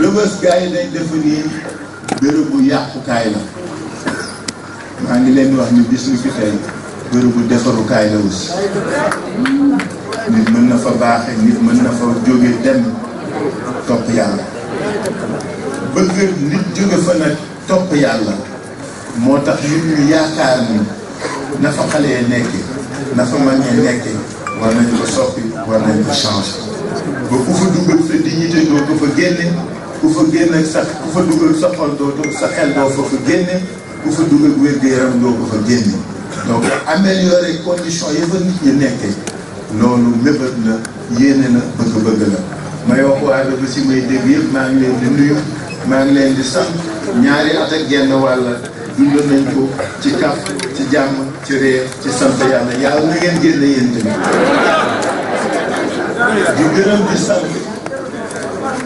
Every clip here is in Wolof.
rëbës gars yi dañ defa nii bërëbu yàqukaay la maa ngi leen wax ni bis ni ki tey bërëbu defarukaay la aussi nit mën na fa baax nit mën na fa jóge dem topp yàlla bëgg nit jóge fa nag topp yàlla moo tax nit ñu yaakaar ni na fa xale yi nekk na fa mag ñi nekk war nañu ko soppi war nañu ko changer ba ku fa dugal sa dignité doo ko fa génne ku fa génn ak sa ku fa dugal sa xol doo sa xel doo fa fa génne ku fa dugal wér-gu-yaram doo ko fa génne donc améliorer condition yi fa nit ñi nekkee loolu mébét la yéene na bëgg-bëgg la may wax waa si may dégg yëpp maa ngi leen di nuyu maa ngi leen di sant ñaari at ak genn wàll dund nañ ko ci kaf ci jàmm ci réer ci sant yàlla yàlla na ngeen génne yéen tamit di gërëm di sant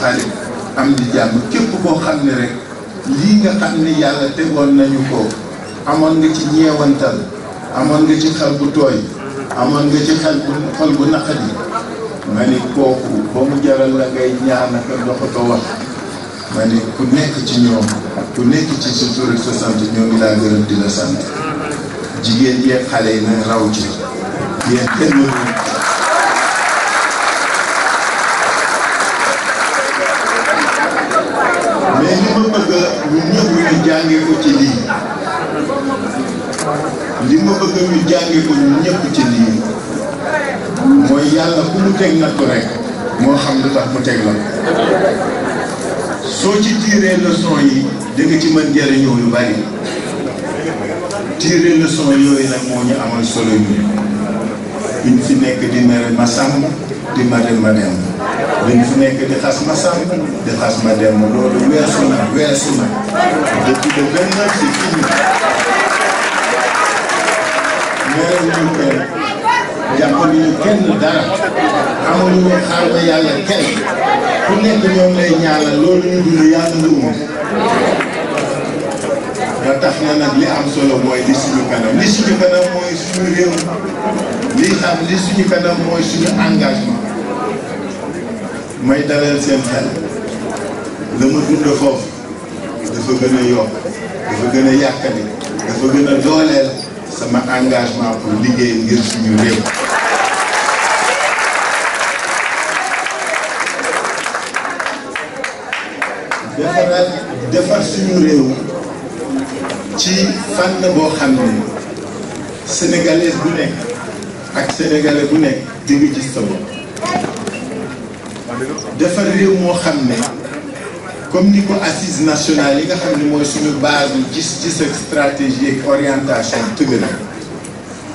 xaalis am di jàmm képp koo xam ne rek lii nga xam ne yàlla tegoon nañu ko amoon nga ci ñeewantal amoon nga ci xel bu tooy amoon nga ci xel bu xol bu naqadi ma ni kooku ba mu jaral la ngay ñaan ak doxatoo wax ma ni ku nekk ci ñoom ku nekk ci sa tur ak sa sant ñoo ngi laa gërëm di la sant jigéen yeeg xale yi nañ raw ci yéen kenn jàngee ko ci li ma bëgg ñu jàngee ko ñëpp ci lii mooy yàlla ku mu teg nattu rek moo xam lu tax mu teg la soo ci leçon yi nga ci mën yu bari leçon ñu amal solo ñu fi nekk di mere ma di ma ma dem liñ fi nekk di xas ma sàmm di xas ma dem loolu weesu na weesu na depuis le vingt neuf c'est fini meeru ñu kenn jàppaluñu kenn dara amuñu xaar ba yàlla kenn ku nekk ñoom lay ñaanal loolu ñu dund yàlla lu mu nga tax na nag li am solo mooy li suñu kanam li suñu kanam mooy suñu réew li xam li suñu kanam mooy suñu engagement may dalal seen xel la ma dund foofu dafa gën a yokk dafa gën a yàkkati dafa gën a dooleel sama engagement pour liggéey ngir suñu réew defaraat defar suñu réew ci fànn boo xam ne sénégalais bu nekk ak sénégalais bu nekk di ngi sa bopp defar réew moo comme ni assise nationale yi nga xam ne mooy suñu base bu gis-gis ak stratégie ak orientation tëgg dire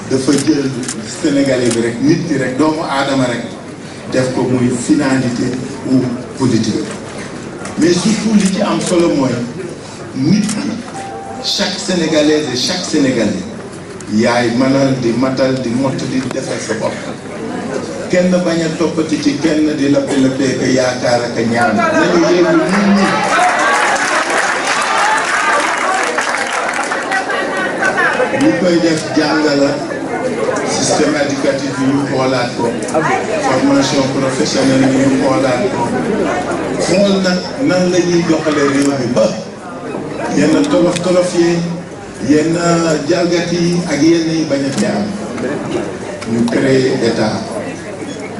dafa jël sénégalais bi rek nit ki rek doomu aadama rek def ko muy finalité ou politique mais surtout li ci am solo mooy nit chaque Sénégalais et chaque sénégalais yaay mënal di matal di mott di defal sa bopp kenn bañ top ci ci kenn di lëppe lëppee ke yaakaara ke ñaan ñu yéne nit ñi ñu koy def jangala système éducatif yi ñu xoolaat ko formation professionnelle yi ñu xoolaat ko xol nag nan la ñuy doxalee réew mi ba yenn tolof tolof yi yenn jalgat ak yenn yi bañ a jaar ñu créer état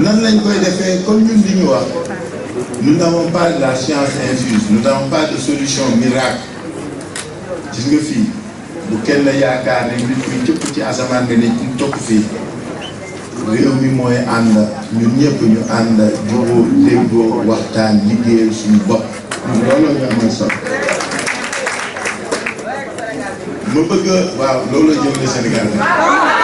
nan lañ koy defee comme ñun li ñu wax nous n'avons pas de la science infuse nous n'avons pas de solution miracle gis nga fii bu kenn yaakaar ne nit kuy cëpp ci asamaan nga ne ñu topp fii réew mi mooy ànd ñun ñëpp ñu ànd jubóo déggoo waxtaan liggéeyal suñu bopp ñun bëgg waaw loolu la jëm Sénégal nag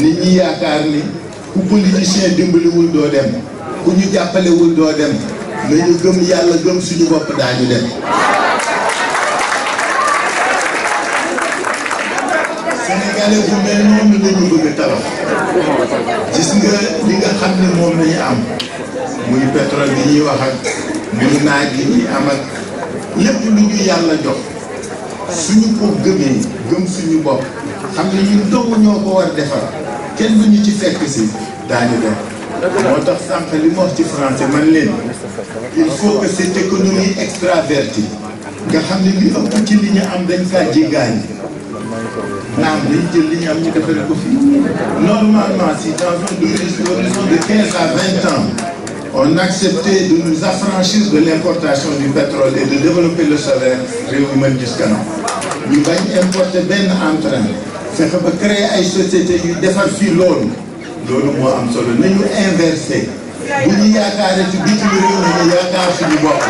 nit ñi yaakar ni ku politicien wul do dem ku ñu wul do dem nañu gëm yalla gëm suñu bop dañu dem sénégalais bu mel noonu lañu bëgg tabax gis nga li nga xam mom lañu am muy pétrole bi ñi wax ak muy naaj yi ñi am ak lepp lu ñu yalla jox suñu ko gëmé gëm suñu bop xam ne ñun dong war defar Quelle venue tu fais que c'est Daniel Il faut que cette économie extravertie. Parce que les gens qui ont des choses qui Normalement, si dans un horizon de 15 à 20 ans, on acceptait de nous affranchir de l'importation du pétrole et de développer le solaire, jusqu'à nous. Nous allons importer ben en train fexe ba créer ay société yu defar fii loolu loolu moo am solo nañu inversé bu ñu yaakaare ci bitim réew mi ñu yaakaar suñu bopp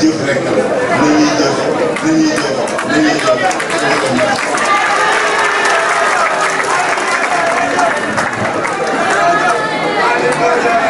jëf rek la ni ñuy jëf ni ñuy jëf ni ñuy Thank you.